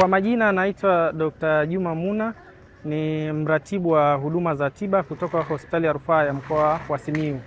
Kwa majina anaitwa Dr. Juma Muna, ni mratibu wa huduma za tiba kutoka hospitali ya rufaa ya mkoa wa Simiyu.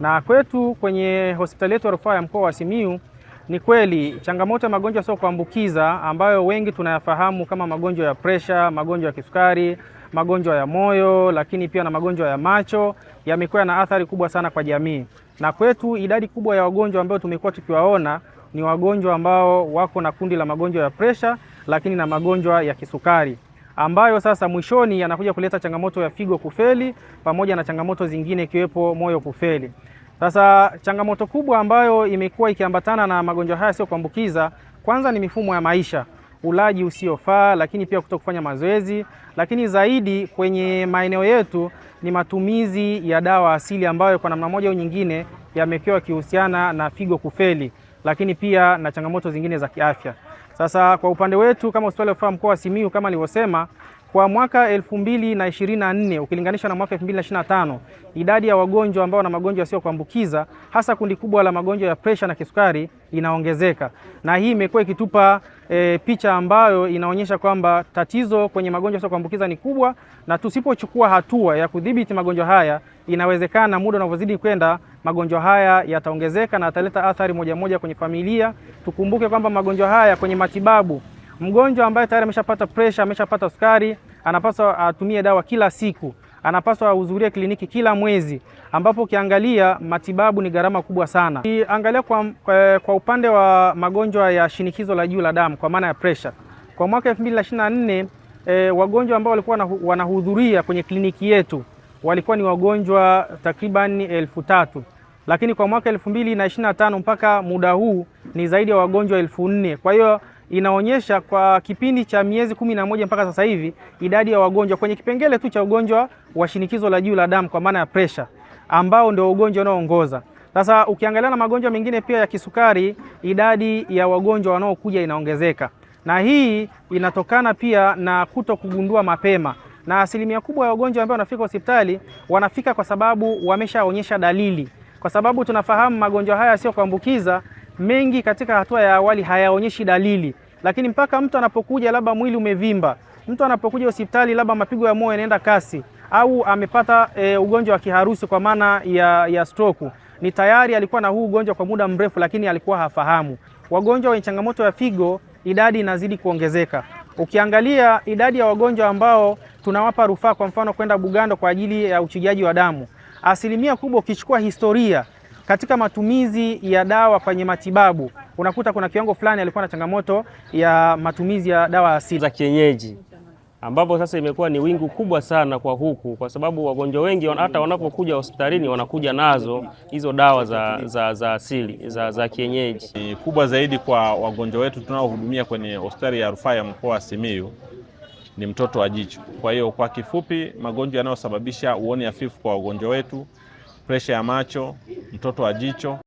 Na kwetu kwenye hospitali yetu ya rufaa ya mkoa wa Simiyu, ni kweli changamoto ya magonjwa sio kuambukiza ambayo wengi tunayafahamu kama magonjwa ya presha, magonjwa ya kisukari, magonjwa ya moyo, lakini pia na magonjwa ya macho yamekuwa na athari kubwa sana kwa jamii. Na kwetu idadi kubwa ya wagonjwa ambao tumekuwa tukiwaona ni wagonjwa ambao wako na kundi la magonjwa ya presha lakini na magonjwa ya kisukari ambayo sasa mwishoni yanakuja kuleta changamoto ya figo kufeli pamoja na changamoto zingine ikiwepo moyo kufeli. Sasa changamoto kubwa ambayo imekuwa ikiambatana na magonjwa haya sio kuambukiza, kwanza ni mifumo ya maisha, ulaji usiofaa, lakini pia kuto kufanya mazoezi, lakini zaidi kwenye maeneo yetu ni matumizi ya dawa asili ambayo kwa namna moja au nyingine yamekiwa kihusiana na figo kufeli, lakini pia na changamoto zingine za kiafya. Sasa kwa upande wetu kama hospitali ya rufaa mkoa wa Simiyu kama nilivyosema kwa mwaka 2024 ukilinganisha na mwaka 2025, idadi ya wagonjwa ambao wana magonjwa yasiyokuambukiza kuambukiza hasa kundi kubwa la magonjwa ya presha na kisukari inaongezeka, na hii imekuwa ikitupa e, picha ambayo inaonyesha kwamba tatizo kwenye magonjwa yasiyokuambukiza kuambukiza ni kubwa, na tusipochukua hatua ya kudhibiti magonjwa haya, inawezekana muda unavyozidi kwenda magonjwa haya yataongezeka na yataleta athari moja moja kwenye familia. Tukumbuke kwamba magonjwa haya kwenye matibabu, mgonjwa ambaye tayari ameshapata pressure, ameshapata sukari, anapaswa atumie dawa kila siku, anapaswa ahudhurie kliniki kila mwezi, ambapo ukiangalia matibabu ni gharama kubwa sana. Angalia kwa, kwa, kwa upande wa magonjwa ya shinikizo la juu la damu kwa maana ya pressure, kwa mwaka 2024 e, eh, wagonjwa ambao walikuwa wanahudhuria kwenye kliniki yetu walikuwa ni wagonjwa takriban elfu tatu lakini kwa mwaka elfu mbili na ishirini na tano mpaka muda huu ni zaidi ya wagonjwa elfu nne kwa hiyo inaonyesha kwa kipindi cha miezi kumi na moja mpaka sasa hivi idadi ya wagonjwa kwenye kipengele tu cha ugonjwa wa shinikizo la juu la damu kwa maana ya presha, ambao ndio ugonjwa unaoongoza sasa. Ukiangalia na magonjwa mengine pia ya kisukari, idadi ya wagonjwa wanaokuja inaongezeka, na hii inatokana pia na kuto kugundua mapema na asilimia kubwa ya wagonjwa ambao wanafika hospitali wanafika kwa sababu wameshaonyesha dalili, kwa sababu tunafahamu magonjwa haya sio kuambukiza, mengi katika hatua ya awali hayaonyeshi dalili, lakini mpaka mtu anapokuja labda mwili umevimba, mtu anapokuja hospitali labda mapigo ya moyo yanaenda kasi, au amepata e, ugonjwa wa kiharusi kwa maana ya, ya stroke, ni tayari alikuwa na huu ugonjwa kwa muda mrefu, lakini alikuwa hafahamu. Wagonjwa wenye changamoto ya figo idadi inazidi kuongezeka. Ukiangalia idadi ya wagonjwa ambao tunawapa rufaa, kwa mfano kwenda Bugando kwa ajili ya uchujaji wa damu. Asilimia kubwa ukichukua historia katika matumizi ya dawa kwenye matibabu unakuta kuna kiwango fulani alikuwa na changamoto ya matumizi ya dawa asili za kienyeji, ambapo sasa imekuwa ni wingu kubwa sana kwa huku, kwa sababu wagonjwa wengi hata wanapokuja hospitalini wanakuja nazo hizo dawa za, za, za asili za, za kienyeji. Ni kubwa zaidi kwa wagonjwa wetu tunaohudumia kwenye hospitali ya rufaa ya mkoa wa Simiyu ni mtoto wa jicho. Kwa hiyo kwa kifupi, magonjwa yanayosababisha uoni hafifu kwa wagonjwa wetu, presha ya macho, mtoto wa jicho,